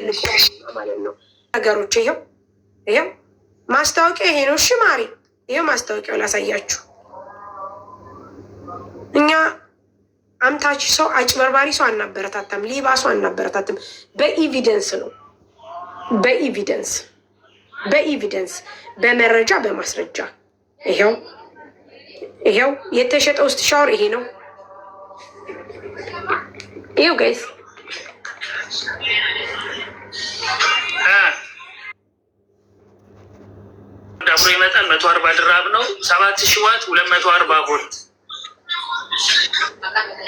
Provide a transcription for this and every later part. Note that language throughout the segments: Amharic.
ትንሽ ማለት ነው ነገሮች። ይሄው ይሄው ማስታወቂያ ይሄ ነው። እሺ ማሪ፣ ይኸው ማስታወቂያው ላሳያችሁ። እኛ አምታች ሰው አጭበርባሪ ሰው አናበረታታም፣ ሌባ ሰው አናበረታታም። በኢቪደንስ ነው በኢቪደንስ በኢቪደንስ በመረጃ በማስረጃ ይሄው ይሄው የተሸጠ ውስጥ ሻወር ይሄ ነው። ይሄው ጋይስ ዳብሮ ይመጣል። መቶ አርባ ድራብ ነው። ሰባት ሺ ዋት ሁለት መቶ አርባ ቮልት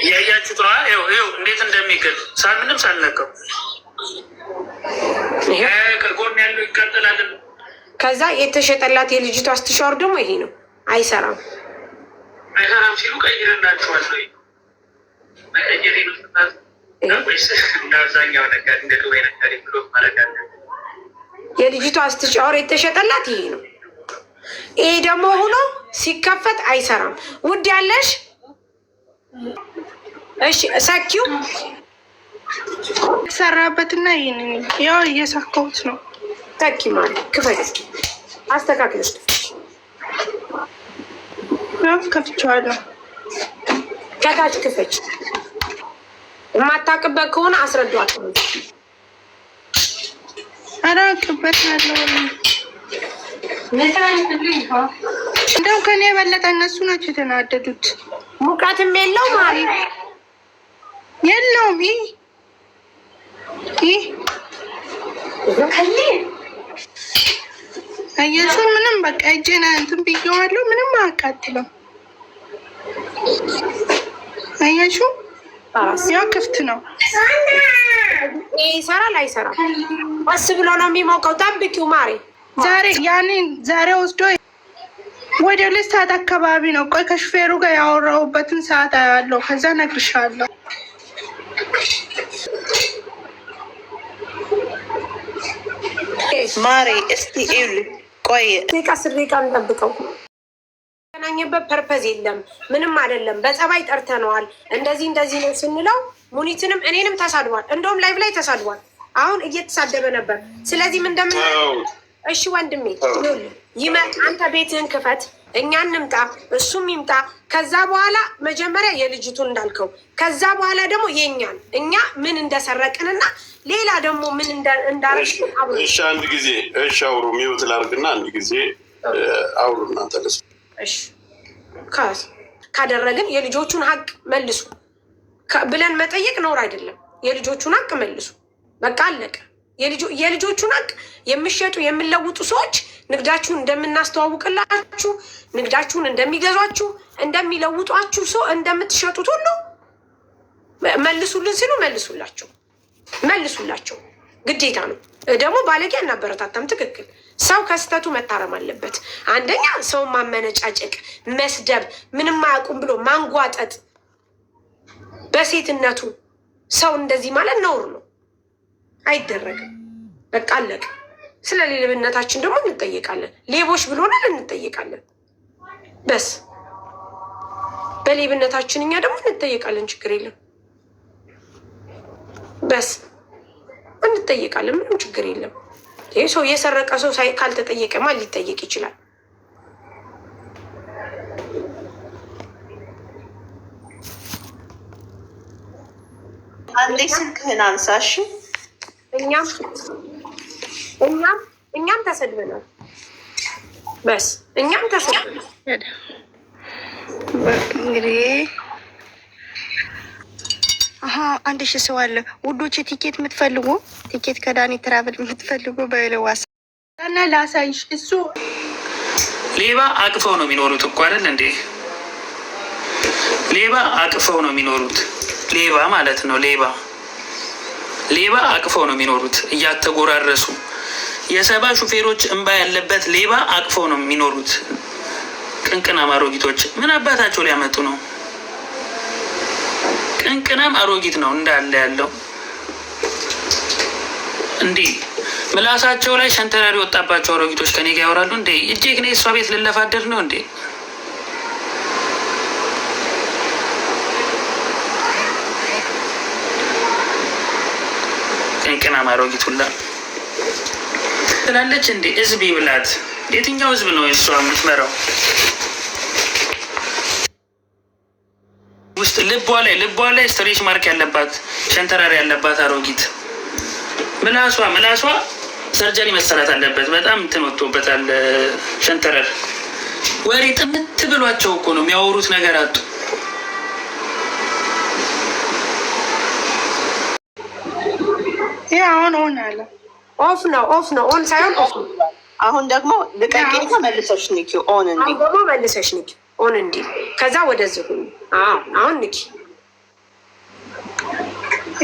እያያችሁት ነው። ይኸው ይኸው እንዴት እንደሚገል ሳል ምንም ሳልነቀው ከጎን ያለው ይቃጠላል። ከዛ የተሸጠላት የልጅቷ አስትሻወር ደግሞ ይሄ ነው። አይሰራም አይሰራም ሲሉ ቀይርላቸዋል። መቀየር ይመስላል የልጅቷ ስትጫወር የተሸጠላት ይሄ ነው። ይሄ ደግሞ ሆኖ ሲከፈት አይሰራም። ውድ ያለሽ እሺ፣ ሰኪው ሰራበትና ይህንን ያው እየሳካሁት ነው። ሰኪ ማለት ክፈት እስኪ አስተካክለሽ ከፍቼዋለሁ። ከታች ክፈች የማታውቅበት ከሆነ አስረዷት። አላውቅበት ያለው እንደውም ከኔ የበለጠ እነሱ ናቸው የተናደዱት። ሙቀትም የለው ማሪ የለውም። ይህ ይህ ምንም በቃ እጄን እንትን ብዬዋለሁ። ምንም አያቃጥለው። አያሹ ያው ክፍት ነው። ይሰራል አይሰራም? ቀስ ብሎ ነው የሚሞቀው። ጠብቂው ማሬ። ዛሬ ያኔ ዛሬ ወስዶ ወደ ሁለት ሰዓት አካባቢ ነው። ቆይ ከሹፌሩ ጋር ያወራሁበትን ሰዓት አያለው፣ ከዛ እነግርሻለሁ። ማሬ እስቲ ቆይ ቀስ ሪቃ እንጠብቀው የተገናኘበት ፐርፐዝ የለም፣ ምንም አይደለም። በጸባይ ጠርተነዋል፣ እንደዚህ እንደዚህ ነው ስንለው ሙኒትንም እኔንም ተሳድቧል። እንደውም ላይቭ ላይ ተሳድቧል። አሁን እየተሳደበ ነበር። ስለዚህ እንደምን እሺ ወንድሜ ይመ አንተ ቤትህን ክፈት፣ እኛ እንምጣ፣ እሱም ይምጣ። ከዛ በኋላ መጀመሪያ የልጅቱን እንዳልከው፣ ከዛ በኋላ ደግሞ የእኛን እኛ ምን እንደሰረቅንና ሌላ ደግሞ ምን እንዳረሽ እሺ፣ አንድ ጊዜ እሺ አውሩ ሚውት ላርግና አንድ ጊዜ አውሩ እናንተ ደስ እሺ ካደረግን የልጆቹን ሀቅ መልሱ ብለን መጠየቅ ነውር አይደለም። የልጆቹን ሀቅ መልሱ። በቃ አለቀ። የልጆቹን ሀቅ የሚሸጡ የሚለውጡ ሰዎች ንግዳችሁን እንደምናስተዋውቅላችሁ፣ ንግዳችሁን እንደሚገዟችሁ፣ እንደሚለውጧችሁ፣ ሰው እንደምትሸጡት ሁሉ መልሱልን ሲሉ መልሱላቸው፣ መልሱላቸው። ግዴታ ነው ደግሞ ባለጌ አናበረታታም። ትክክል ሰው ከስተቱ መታረም አለበት። አንደኛ ሰው ማመነጫጨቅ፣ መስደብ፣ ምንም አያውቁም ብሎ ማንጓጠጥ በሴትነቱ ሰው እንደዚህ ማለት ነውር ነው፣ አይደረግም። በቃ አለቀ። ስለ ሌብነታችን ደግሞ እንጠየቃለን። ሌቦች ብሎናል፣ እንጠየቃለን። በስ በሌብነታችን እኛ ደግሞ እንጠየቃለን። ችግር የለም። በስ እንጠየቃለን። ምንም ችግር የለም። ይህ ሰው የሰረቀ ሰው ሳይ ካልተጠየቀ ማ ሊጠየቅ ይችላል። አንዴ ስልክህን አንሳሽ። እሺ። እኛም እኛም እኛም ተሰድበናል። በስ እኛም ተሰድበናል። እንግዲህ አሀ አንድ ሺ ሰው አለ። ውዶች ቲኬት የምትፈልጉ ቲኬት ከዳኒ ትራቭል የምትፈልጉ በለዋስ እና ላሳይሽ። እሱ ሌባ አቅፈው ነው የሚኖሩት እኮ አይደል እንዴ? ሌባ አቅፈው ነው የሚኖሩት። ሌባ ማለት ነው። ሌባ ሌባ አቅፈው ነው የሚኖሩት እያተጎራረሱ። የሰባ ሹፌሮች እንባ ያለበት ሌባ አቅፈው ነው የሚኖሩት። ቅንቅና ማሮጊቶች ምን አባታቸው ሊያመጡ ነው? ቅንቅናም አሮጊት ነው እንዳለ ያለው እንዲህ ምላሳቸው ላይ ሸንተራሪ የወጣባቸው አሮጊቶች ከኔ ያወራሉ እንዴ? እጄ ግን እሷ ቤት ልለፋደር ነው እንዴ? ቅንቅናም አሮጊት ሁላ ትላለች እንዴ? ህዝብ ይብላት። የትኛው ህዝብ ነው እሷ የምትመራው? ውስጥ ልቧ ላይ ልቧ ላይ ስትሬች ማርክ ያለባት ሸንተረር ያለባት አሮጊት ምላሷ ምላሷ ሰርጀሪ መሰራት አለበት። በጣም እንትን ወጥቶበታል ሸንተረር። ወሬ ጥምት ብሏቸው እኮ ነው የሚያወሩት ነገር አጡ። አሁን ኦን አለ ኦፍ ነው ኦፍ ነው ኦን ሳይሆን ኦፍ አሁን ደግሞ ልቀቂ መልሰሽ ኒኪ ኦን እንዲ ደግሞ መልሰሽ ኒኪ ኦን እንዲ ከዛ ወደዚህ ዝሁ አሁን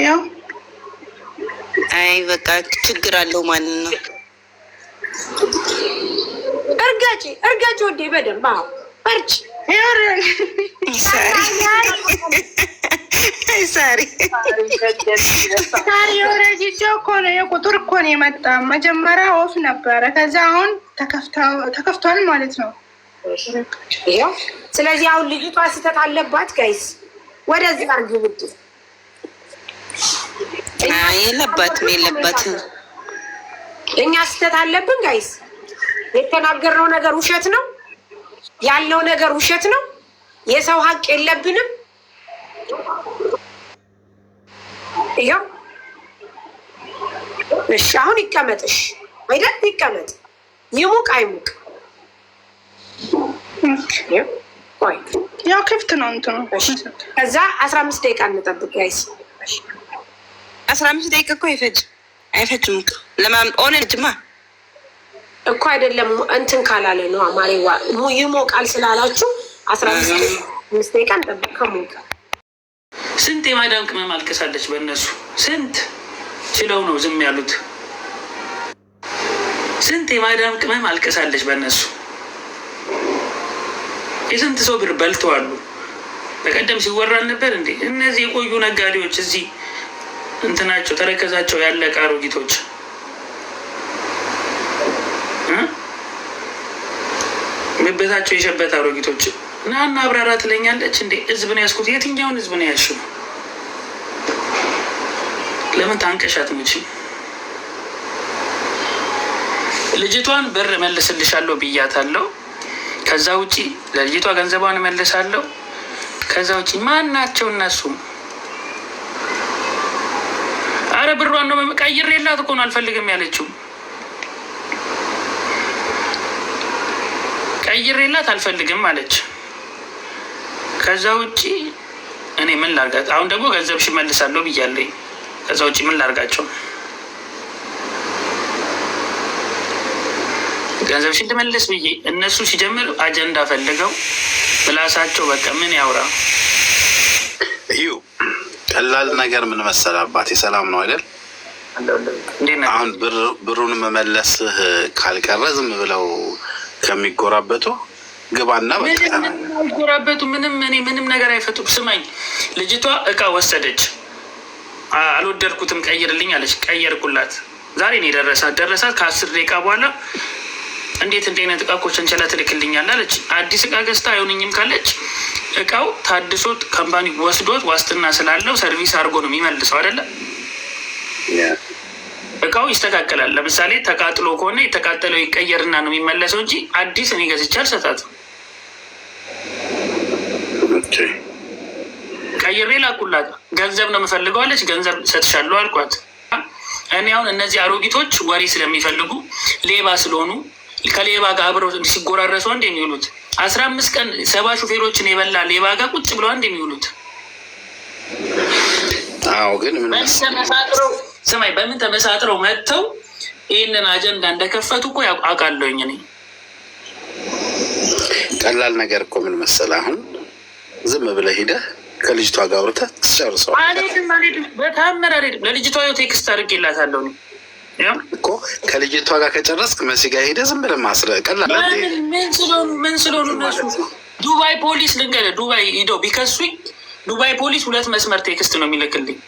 ያው አይ በቃ ችግር አለው ማለት ነው። እርጋጭ እርጋጭ፣ ወዴ በደንብ አዎ፣ ሳሪ እኮ ነው የቁጥር እኮ ነው የመጣ መጀመሪያ ኦፍ ነበረ፣ ከዛ አሁን ተከፍቷል ማለት ነው። ይኸው። ስለዚህ አሁን ልጅቷ ስህተት አለባት። ጋይስ ወደዚህ አርግ ውድ የለባትም የለባትም። እኛ ስህተት አለብን ጋይስ። የተናገርነው ነገር ውሸት ነው፣ ያለው ነገር ውሸት ነው። የሰው ሀቅ የለብንም። ይኸው እሺ፣ አሁን ይቀመጥሽ አይደል? ይቀመጥ ይሙቅ አይሙቅ ያው ክፍት ነው እንትኑ። ከዛ አስራ አምስት ደቂቃ እንጠብቅ ጋይስ። አስራ አምስት ደቂቃ እኮ አይፈጅም እኮ አይደለም እንትን ካላለ ነው ይሞቃል ስላላችሁ አስራ አምስት ደቂቃ እንጠብቅ ስንት የማዳም ቅመም አልቀሳለች። በእነሱ ስንት ችለው ነው ዝም ያሉት። ስንት የማዳም ቅመም አልቀሳለች በእነሱ የስንት ሰው ብር በልተው አሉ በቀደም ሲወራ ነበር እንዴ እነዚህ የቆዩ ነጋዴዎች እዚህ እንትናቸው ተረከዛቸው ያለቀ አሮጊቶች ምበታቸው የሸበት አሮጊቶች ናና አብራራ ትለኛለች እንዴ ህዝብን ያስኩት የትኛውን ህዝብን ያሽው ለምን ታንቀሻት ምች ልጅቷን ብር መልስልሻለሁ ብያታለሁ ከዛ ውጪ ለልጅቷ ገንዘቧን እመልሳለሁ። ከዛ ውጪ ማን ናቸው እነሱ? አረ ብሯን ነው ቀይር የላት እኮ ነው አልፈልግም ያለችው። ቀይር የላት አልፈልግም አለች። ከዛ ውጪ እኔ ምን ላርጋት? አሁን ደግሞ ገንዘብሽ እመልሳለሁ ብያለኝ። ከዛ ውጪ ምን ላርጋቸው? ገንዘብሽን ልመልስ ብዬ እነሱ ሲጀምር አጀንዳ ፈልገው ብላሳቸው በቃ ምን ያውራ እዩ። ቀላል ነገር ምን የሰላም አባቴ፣ ሰላም ነው አይደል? አሁን ብሩን መመለስህ ካልቀረ ዝም ብለው ከሚጎራበቱ ግባና ይጎራበቱ። ምንም እኔ ምንም ነገር አይፈጡም። ስማኝ፣ ልጅቷ እቃ ወሰደች፣ አልወደድኩትም፣ ቀይርልኝ አለች። ቀየርኩላት። ዛሬ ነው የደረሳት። ደረሳት ከአስር ደቂቃ በኋላ እንዴት እንደ አይነት እቃ እኮ ቸንቸላ ትልክልኛል አለች። አዲስ እቃ ገዝታ አይሆንኝም ካለች እቃው ታድሶት ካምፓኒ ወስዶት ዋስትና ስላለው ሰርቪስ አድርጎ ነው የሚመልሰው አይደለም። እቃው ይስተካከላል። ለምሳሌ ተቃጥሎ ከሆነ የተቃጠለው ይቀየርና ነው የሚመለሰው እንጂ አዲስ እኔ ገዝቼ አልሰጣትም። ቀይሬ ላኩላት። ገንዘብ ነው የምፈልገው አለች። ገንዘብ ሰጥሻለሁ አልኳት። እኔ አሁን እነዚህ አሮጊቶች ወሬ ስለሚፈልጉ ሌባ ስለሆኑ ከሌባ ጋር አብረው ሲጎራረሱ አንድ የሚውሉት አስራ አምስት ቀን ሰባ ሹፌሮችን የበላ ሌባ ጋር ቁጭ ብለው አንድ የሚውሉት አዎ ግን ተመሳጥረው ስማኝ፣ በምን ተመሳጥረው መጥተው ይህንን አጀንዳ እንደከፈቱ እኮ አውቃለሁኝ እኔ። ቀላል ነገር እኮ ምን መሰለህ፣ አሁን ዝም ብለህ ሂደህ ከልጅቷ ጋር አውርተህ ትጨርሰዋለህ። በታመር አይደለም ለልጅቷ የው ቴክስት አድርጌላታለሁ። እኮ ከልጅቷ ጋር ከጨረስክ መሲ ጋር ሄደህ ዝም ብለህ ማስረህ ቀላል። ምን ስለሆኑ እነሱ ዱባይ ፖሊስ ልንገርህ፣ ዱባይ ሂደው ቢከሱኝ ዱባይ ፖሊስ ሁለት መስመር ቴክስት ነው የሚልክልኝ።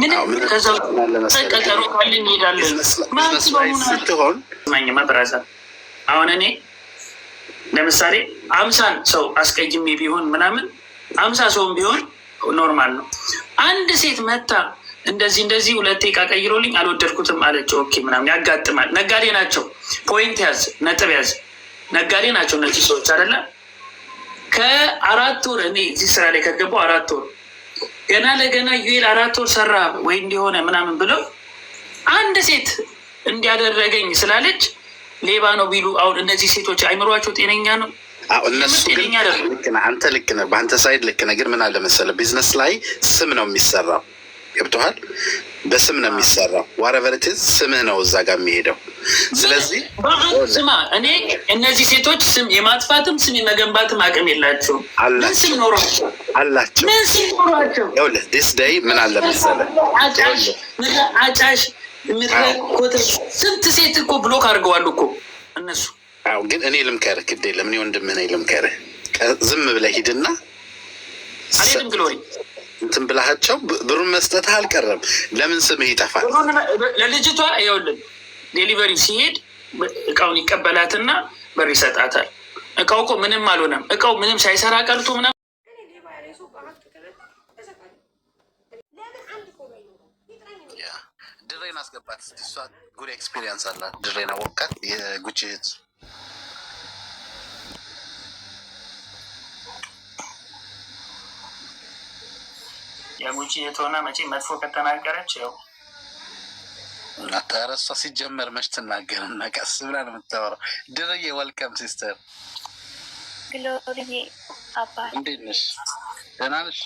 ምንም ከዛ ቀጠሮ ካለኝ እሄዳለሁ። ስትሆን አሁን እኔ ለምሳሌ አምሳን ሰው አስቀይሜ ቢሆን ምናምን አምሳ ሰውም ቢሆን ኖርማል ነው። አንድ ሴት መታ እንደዚህ እንደዚህ ሁለቴ ዕቃ ቀይሮልኝ አልወደድኩትም አለች። ኦኬ ምናምን ያጋጥማል። ነጋዴ ናቸው። ፖይንት ያዝ፣ ነጥብ ያዝ። ነጋዴ ናቸው እነዚህ ሰዎች አይደለም። ከአራት ወር እኔ እዚህ ስራ ላይ ከገባው አራት ወር ገና ለገና ዩኤል አራት ወር ሰራ ወይ እንዲሆነ ምናምን ብለው አንድ ሴት እንዲያደረገኝ ስላለች ሌባ ነው ቢሉ አሁን እነዚህ ሴቶች አይምሯቸው ጤነኛ ነው? እነሱ ግን ልክ ነህ አንተ፣ ልክ ነህ በአንተ ሳይድ ልክ ነህ። ግን ምን አለ መሰለህ ቢዝነስ ላይ ስም ነው የሚሰራው ገብተዋል። በስም ነው የሚሰራው። ዋረቨርት ስምህ ነው እዛ ጋር የሚሄደው። ስለዚህ ስማ፣ እኔ እነዚህ ሴቶች ስም የማጥፋትም ስም የመገንባትም አቅም የላቸውም። ምን ስም ኖሯቸው አላቸው? ምን ስም ኖሯቸው? ይኸውልህ ዲስ ደይ ምን አለ መሰለህ፣ አጫሽ ምድረ ኮተ ስንት ሴት እኮ ብሎክ አድርገዋል እኮ እነሱ። አዎ፣ ግን እኔ ልምከርህ፣ ግድ የለም እኔ ወንድምህ ነኝ፣ ልምከርህ። ዝም ብለህ ሂድና እንትን ብላሃቸው ብሩን መስጠት አልቀረም። ለምን ስምህ ይጠፋል? ለልጅቷ ይኸውልህ፣ ዴሊቨሪ ሲሄድ እቃውን ይቀበላትና ብር ይሰጣታል። እቃው እኮ ምንም አልሆነም። እቃው ምንም ሳይሰራ ቀርቶ ምናምን ድሬን አስገባት። ጉድ ኤክስፒሪየንስ አላት። ድሬን አወቃት የጉቺ እህት የጉጭ የተሆነ መቼ መጥፎ ከተናገረች ያው ረሷ ሲጀመር መች ትናገር እና ቀስ ብላ ነው የምታወራው። ድርዬ ወልከም ሲስተር ግሎሪዬ አባት እንዴት ነሽ? ደህና ነሽ?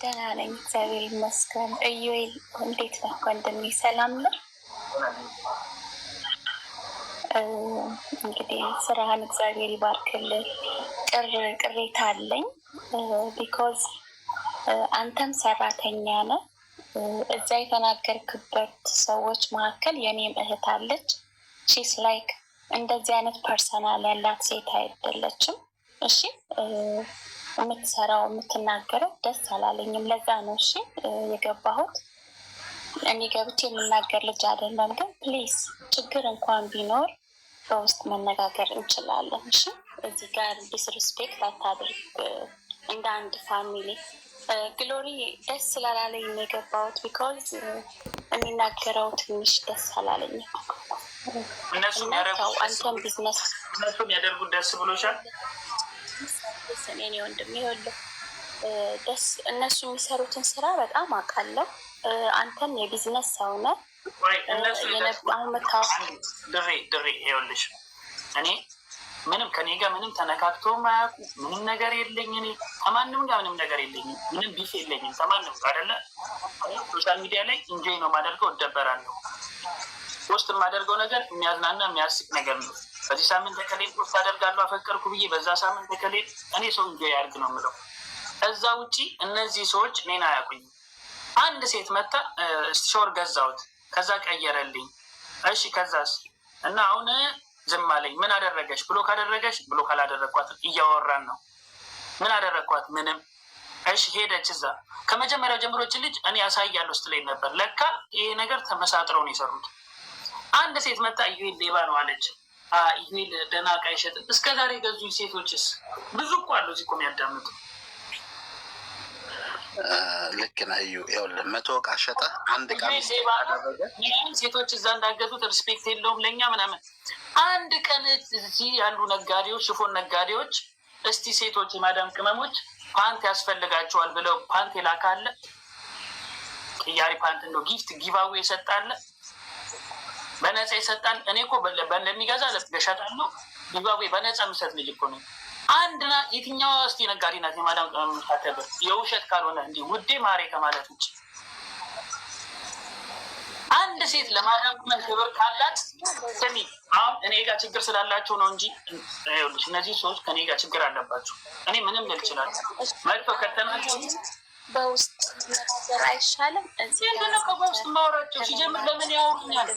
ደህና ነኝ እግዚአብሔር ይመስገን። እዩኤል እንዴት ነው ወንድሜ? ሰላም ነው? እንግዲህ ስራህን እግዚአብሔር ይባርክልን። ቅር ቅሬታ አለኝ ቢኮዝ አንተም ሰራተኛ ነህ። እዛ የተናገርክበት ሰዎች መካከል የኔም እህት አለች። ሺስ ላይክ እንደዚህ አይነት ፐርሰናል ያላት ሴት አይደለችም። እሺ የምትሰራው የምትናገረው ደስ አላለኝም። ለዛ ነው እሺ የገባሁት። እኔ ገብቼ የምናገር ልጅ አይደለም፣ ግን ፕሊስ ችግር እንኳን ቢኖር በውስጥ መነጋገር እንችላለን። እሺ እዚህ ጋር ዲስሪስፔክት አታድርግ እንደ አንድ ፋሚሊ ግሎሪ ደስ ስላላለኝ የገባሁት ቢኮዝ የሚናገረው ትንሽ ደስ አላለኝ። አንተም ቢዝነስ እነሱም ያደርጉት ደስ ብሎሻል። እኔ ወንድም ይኸውልህ ደስ እነሱ የሚሰሩትን ስራ በጣም አውቃለሁ። አንተም የቢዝነስ ሰው ነህ። ድሬ ድሬ ይኸውልሽ እኔ ምንም ከኔ ጋር ምንም ተነካክቶ ማያውቁ ምንም ነገር የለኝ። እኔ ከማንም ጋር ምንም ነገር የለኝም። ምንም ቢፍ የለኝም ከማንም ጋር አይደለ። ሶሻል ሚዲያ ላይ እንጆይ ነው የማደርገው፣ እደበራለሁ። ፖስት የማደርገው ነገር የሚያዝናና የሚያስቅ ነገር ነው። በዚህ ሳምንት ተከሌ ፖስት አደርጋለሁ አፈቀርኩ ብዬ፣ በዛ ሳምንት ከሌ እኔ ሰው እንጆይ ያርግ ነው የምለው። እዛ ውጪ እነዚህ ሰዎች እኔን አያውቁኝም። አንድ ሴት መታ ሾር ገዛውት ከዛ ቀየረልኝ። እሺ ከዛስ እና አሁን ዝም አለኝ። ምን አደረገች ብሎ ካደረገች ብሎ ካላደረግኳት እያወራን ነው። ምን አደረግኳት? ምንም። እሺ ሄደች። እዛ ከመጀመሪያው ጀምሮች ልጅ እኔ ያሳያለሁ ስትለኝ ነበር። ለካ ይሄ ነገር ተመሳጥረው ነው የሰሩት። አንድ ሴት መጣ ኢዩኤል ሌባ ነው አለች። ኢዩኤል ደህና ዕቃ አይሸጥም። እስከዛሬ ገዙኝ ሴቶችስ ብዙ እኮ አሉ እዚህ እኮ የሚያዳምጡ ልክ ነህ እዩ። ይኸውልህ መቶ ዕቃ ሸጠ አንድ ዕቃ ሴቶች እዛ እንዳገዙት ሪስፔክት የለውም ለእኛ ምናምን። አንድ ቀን እዚህ ያሉ ነጋዴዎች፣ ሽፎን ነጋዴዎች እስቲ ሴቶች የማዳም ቅመሞች ፓንት ያስፈልጋቸዋል ብለው ፓንት የላካለ ቅያሪ ፓንት እንደው ጊፍት ጊቫዊ የሰጣለ በነፃ ይሰጣል። እኔ እኮ ለሚገዛ ለትገሻጣለሁ ጊቫዊ በነፃ የምሰጥ ልጅ እኮ ነው። አንድ የትኛው እስቲ ነጋዴ ናት የማዳም ቅመም የምታከብር የውሸት ካልሆነ እንዲህ ውዴ ማሬ ከማለት ውጭ አንድ ሴት ለማዳም ቅመም ክብር ካላት ስሚ፣ አሁን እኔ ጋር ችግር ስላላቸው ነው እንጂ ይኸውልሽ፣ እነዚህ ሰዎች ከኔ ጋር ችግር አለባቸው። እኔ ምንም ልል ይችላል መጥቶ ከተናቸው በውስጥ መናገር አይሻልም? ምንድነው በውስጥ ማውራቸው ሲጀምር ለምን ያወሩኛል?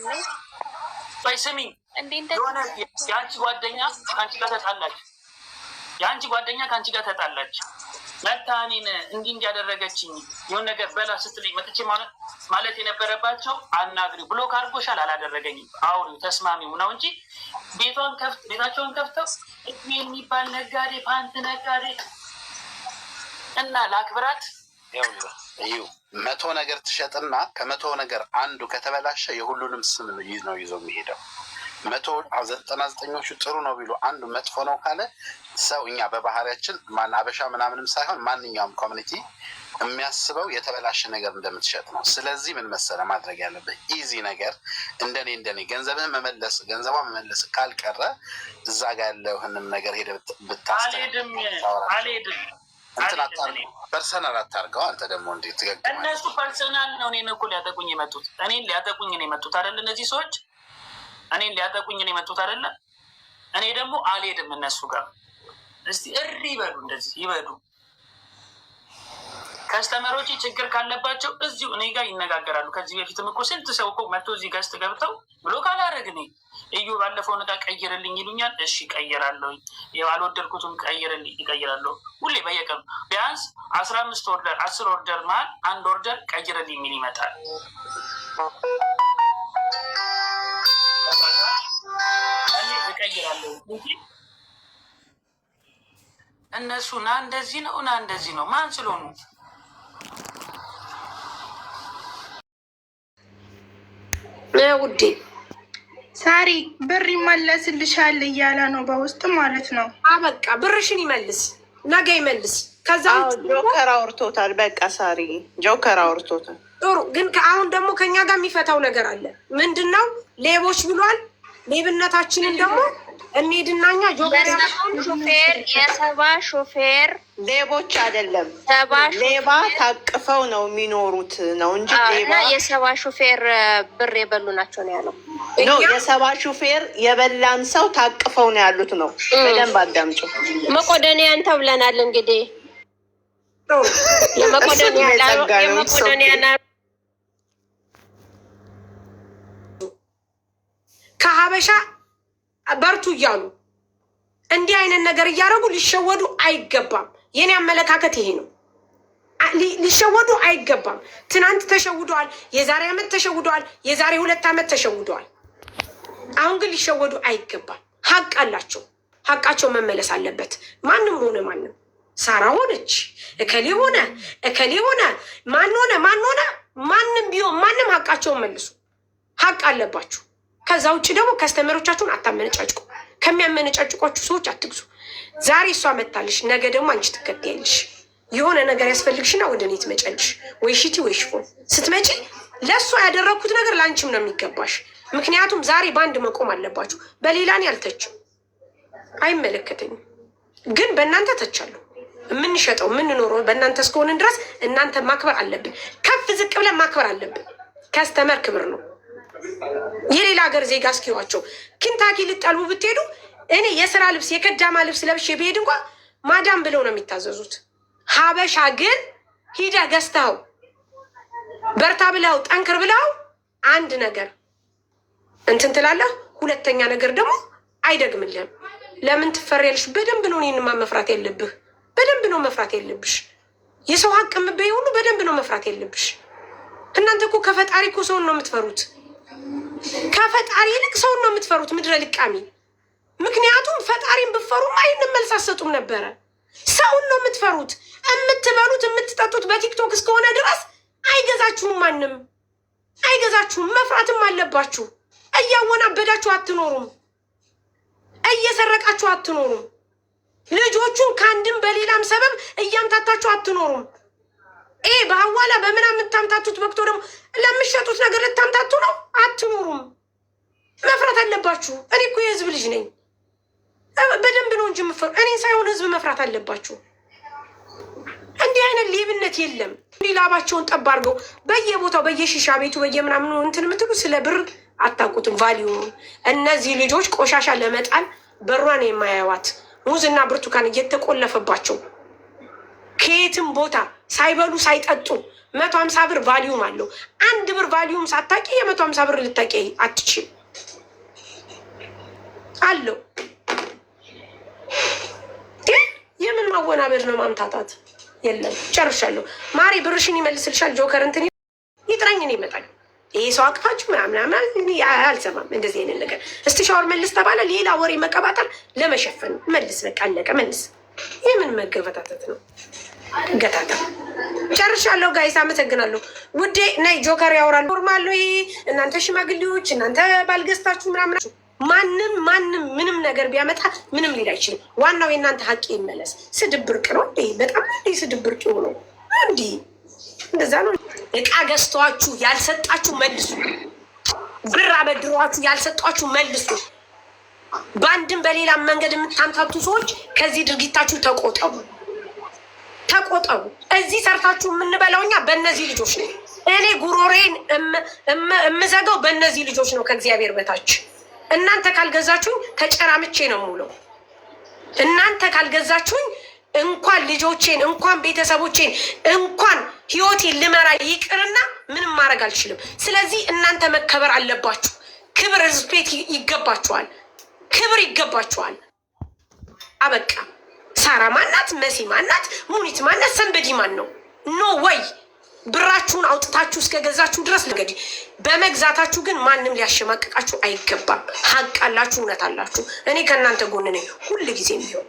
ቆይ ስሚ፣ የሆነ የአንቺ ጓደኛ ከአንቺ ጋር ተጣላች የአንቺ ጓደኛ ከአንቺ ጋር ተጣላች መታ እኔን እንዲህ እንዲያደረገችኝ የሆነ ነገር በላ ስትለኝ መጥቼ ማለት የነበረባቸው አናግሪው፣ ብሎ ካርጎሻል አላደረገኝም፣ አውሪው፣ ተስማሚው ነው እንጂ ቤታቸውን ከፍተው እድሜ የሚባል ነጋዴ፣ ፓንት ነጋዴ እና ለአክብራት እዩ መቶ ነገር ትሸጥና ከመቶ ነገር አንዱ ከተበላሸ የሁሉንም ስም ነው ይዞ የሚሄደው። መቶ ዘጠና ዘጠኞቹ ጥሩ ነው ቢሉ አንዱ መጥፎ ነው ካለ ሰው እኛ በባህሪያችን ማን አበሻ ምናምንም ሳይሆን ማንኛውም ኮሚኒቲ የሚያስበው የተበላሸ ነገር እንደምትሸጥ ነው። ስለዚህ ምን መሰለ ማድረግ ያለብህ ኢዚ ነገር እንደኔ እንደኔ ገንዘብህ መመለስ ገንዘቧ መመለስ ካልቀረ እዛ ጋር ያለውህንም ነገር ሄደ ብታስአልሄድም ፐርሰናል አታርገው። አንተ ደግሞ እንዴት እነሱ ፐርሰናል ነው እኔን እኮ ሊያጠቁኝ የመጡት እኔን ሊያጠቁኝ ነው የመጡት አይደል እነዚህ ሰዎች እኔን ሊያጠቁኝ ነው የመጡት አይደለ? እኔ ደግሞ አልሄድም እነሱ ጋር። እስቲ እሪ ይበሉ፣ እንደዚህ ይበሉ። ከስተመሮች ችግር ካለባቸው እዚሁ እኔ ጋር ይነጋገራሉ። ከዚህ በፊትም እኮ ስንት ሰው እኮ መጥቶ እዚህ ገስት ገብተው ብሎ ካላረግ እኔ እዩ ባለፈው ዕቃ ቀይርልኝ ይሉኛል። እሺ ቀይራለሁ። አልወደድኩትም፣ ቀይርልኝ፣ ይቀይራለሁ። ሁሌ በየቀኑ ቢያንስ አስራ አምስት ኦርደር፣ አስር ኦርደር መሀል አንድ ኦርደር ቀይርልኝ የሚል ይመጣል። ይቀይራሉ እንጂ እነሱ ና እንደዚህ ነው ና እንደዚህ ነው ማን ስለሆኑ ውዴ ሳሪ ብር ይመለስልሻል እያለ ነው በውስጥ ማለት ነው። በቃ ብርሽን ይመልስ፣ ነገ ይመልስ። ከዛ ጆከር አውርቶታል። በቃ ሳሪ ጆከር አውርቶታል። ጥሩ ግን አሁን ደግሞ ከኛ ጋር የሚፈታው ነገር አለ። ምንድን ነው ሌቦች ብሏል። ሌብነታችንን ደግሞ እንሄድና እኛ ሾፌር የሰባ ሾፌር ሌቦች አይደለም። ሌባ ታቅፈው ነው የሚኖሩት ነው እንጂ እና የሰባ ሾፌር ብር የበሉ ናቸው ነው ያለው። የሰባ ሾፌር የበላን ሰው ታቅፈው ነው ያሉት ነው። በደንብ አዳምጪ። መቆደንያን ተብለናል እንግዲህ የመቆደንያ ከሀበሻ በርቱ እያሉ እንዲህ አይነት ነገር እያደረጉ ሊሸወዱ አይገባም። የኔ አመለካከት ይሄ ነው። ሊሸወዱ አይገባም። ትናንት ተሸውደዋል፣ የዛሬ ዓመት ተሸውደዋል፣ የዛሬ ሁለት ዓመት ተሸውደዋል። አሁን ግን ሊሸወዱ አይገባም። ሀቅ አላቸው። ሀቃቸው መመለስ አለበት። ማንም ሆነ ማንም ሳራ ሆነች፣ እከሌ ሆነ፣ እከሌ ሆነ፣ ማን ሆነ፣ ማን ሆነ፣ ማንም ቢሆን ማንም ሀቃቸውን መልሱ። ሀቅ አለባችሁ። ከዛ ውጭ ደግሞ ከስተመሮቻችሁን አታመነጫጭቁ። ከሚያመነጫጭቋችሁ ሰዎች አትግዙ። ዛሬ እሷ መታለሽ፣ ነገ ደግሞ አንቺ ትከታያለሽ። የሆነ ነገር ያስፈልግሽና ወደ እኔ ትመጫለሽ። ወይ ሽቲ ወይ ሽፎን ስትመጪ ለእሷ ያደረግኩት ነገር ለአንቺም ነው የሚገባሽ። ምክንያቱም ዛሬ በአንድ መቆም አለባችሁ። በሌላ እኔ አልተችም፣ አይመለከተኝም። ግን በእናንተ ተቻለሁ። የምንሸጠው የምንኖረው በእናንተ እስከሆንን ድረስ እናንተ ማክበር አለብን። ከፍ ዝቅ ብለን ማክበር አለብን። ከስተመር ክብር ነው። የሌላ ሀገር ዜጋ እስኪሯቸው ኪንታኪ ልጠልቡ ብትሄዱ እኔ የስራ ልብስ የከዳማ ልብስ ለብሼ ብሄድ እንኳ ማዳም ብለው ነው የሚታዘዙት። ሀበሻ ግን ሂደ ገዝተው በርታ ብለው ጠንክር ብለው አንድ ነገር እንትን ትላለህ። ሁለተኛ ነገር ደግሞ አይደግምልህም። ለምን ትፈሪያለሽ? በደንብ ነው እኔንማ መፍራት የለብህ በደንብ ነው መፍራት የለብሽ የሰው ሀቅ የምትበይው ሁሉ በደንብ ነው መፍራት የለብሽ እናንተ እኮ ከፈጣሪ እኮ ሰውን ነው የምትፈሩት። ከፈጣሪ ይልቅ ሰውን ነው የምትፈሩት ምድረ ልቃሚ። ምክንያቱም ፈጣሪን ብትፈሩም አይንም መልስ ነበረ። ሰውን ነው የምትፈሩት። የምትበሉት የምትጠጡት በቲክቶክ እስከሆነ ድረስ አይገዛችሁም፣ ማንም አይገዛችሁም። መፍራትም አለባችሁ። እያወናበዳችሁ አትኖሩም፣ እየሰረቃችሁ አትኖሩም። ልጆቹን ከአንድም በሌላም ሰበብ እያምታታችሁ አትኖሩም። ይሄ በሐዋላ በምናምን የምታምታቱት በቅቶ ደግሞ ለምሸጡት ነገር ልታምታቱ ነው። አትኖሩም። መፍራት አለባችሁ። እኔ እኮ የህዝብ ልጅ ነኝ። በደንብ ነው እንጂ የምፈሩ እኔን ሳይሆን ህዝብ መፍራት አለባችሁ። እንዲህ አይነት ሌብነት የለም። ላባቸውን ጠብ አድርገው በየቦታው በየሺሻ ቤቱ በየምናምኑ እንትን የምትሉ ስለ ብር አታውቁትም ቫሊዩ። እነዚህ ልጆች ቆሻሻ ለመጣል በሯን የማያዩዋት ሙዝና ብርቱካን እየተቆለፈባቸው ከየትም ቦታ ሳይበሉ ሳይጠጡ መቶ ሀምሳ ብር ቫሊዩም አለው። አንድ ብር ቫሊዩም ሳታቂ የመቶ ሀምሳ ብር ልታቂ አትችል አለው። ግን የምን ማወናበድ ነው ማምታታት የለም። ጨርሻለሁ። ማሪ ብርሽን ይመልስልሻል። ጆከር እንትን ይጥረኝን ይመጣል። ይሄ ሰው አቅፋችሁ ምናምናምን አልሰማም። እንደዚህ አይነት ነገር እስቲ ሻወር መልስ ተባለ ሌላ ወሬ መቀባጠር ለመሸፈን መልስ፣ በቃ አለቀ። መልስ የምን መገበታተት ነው? ገታታ ጨርሻለሁ። ጋይስ አመሰግናለሁ ውዴ። ናይ ጆከር ያወራል ኖርማሉ። እናንተ ሽማግሌዎች እናንተ ባልገዝታችሁ ምናምን ማንም ማንም ምንም ነገር ቢያመጣ ምንም ሊል አይችልም። ዋናው የእናንተ ሀቅ ይመለስ። ስድብርቅ ነው እንዴ? በጣም እንዴ ስድብ ብርቅ ነው እንዲ እንደዛ ነው። እቃ ገዝተዋችሁ ያልሰጣችሁ መልሱ። ብር አበድሯችሁ ያልሰጧችሁ መልሱ። በአንድም በሌላ መንገድ የምታምታቱ ሰዎች ከዚህ ድርጊታችሁ ተቆጠቡ፣ ተቆጠቡ። እዚህ ሰርታችሁ የምንበላው እኛ በእነዚህ ልጆች ነው። እኔ ጉሮሬን የምዘጋው በእነዚህ ልጆች ነው ከእግዚአብሔር በታች። እናንተ ካልገዛችሁኝ ተጨራምቼ ነው የምውለው። እናንተ ካልገዛችሁኝ እንኳን ልጆቼን እንኳን ቤተሰቦቼን እንኳን ህይወቴ ልመራ ይቅርና ምንም ማድረግ አልችልም። ስለዚህ እናንተ መከበር አለባችሁ። ክብር ሪስፔክት ይገባችኋል። ክብር ይገባችኋል። አበቃ። ሳራ ማናት? መሲ ማናት? ሙኒት ማናት? ሰንበዲ ማን ነው? ኖ ወይ ብራችሁን አውጥታችሁ እስከ ገዛችሁ ድረስ እንግዲህ በመግዛታችሁ ግን ማንም ሊያሸማቅቃችሁ አይገባም። ሀቅ አላችሁ፣ እውነት አላችሁ። እኔ ከእናንተ ጎን ነኝ ሁል ጊዜም ቢሆን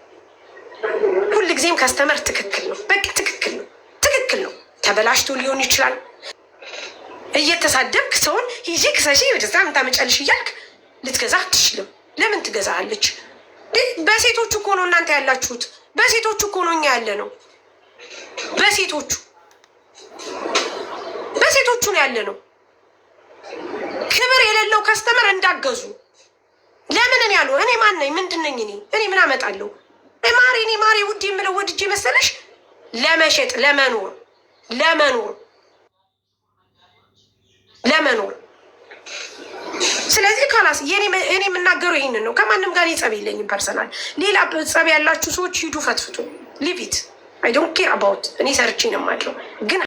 ሁል ጊዜም ከስተመር ትክክል ነው። በቃ ትክክል ነው፣ ትክክል ነው። ተበላሽቶ ሊሆን ይችላል። እየተሳደብክ ሰውን ይዤ ክሰሺ ወደዛ ምታመጫልሽ እያልክ ልትገዛ አትችልም። ለምን ትገዛለች? በሴቶቹ እኮ ነው እናንተ ያላችሁት። በሴቶቹ እኮ ነው እኛ ያለ ነው። በሴቶቹ በሴቶቹ ነው ያለ ነው። ክብር የሌለው ከስተመር እንዳገዙ ለምን እኔ እኔ ማን ነኝ? ምንድን ነኝ? እኔ እኔ ምን አመጣለሁ? ማሬ እኔ ማሬ ውድ የምለው ወድጄ መሰለሽ? ለመሸጥ ለመኖር ለመኖር ለመኖር ስለዚህ ካላስ እኔ የምናገረው ይህንን ነው። ከማንም ጋር ጸብ የለኝም። ፐርሰናል ሌላ ጸብ ያላችሁ ሰዎች ሂዱ ፈትፍቱ። ሊቪት አይ ዶንት ኬር አባውት እኔ ሰርቼ ነው የማድረው ግን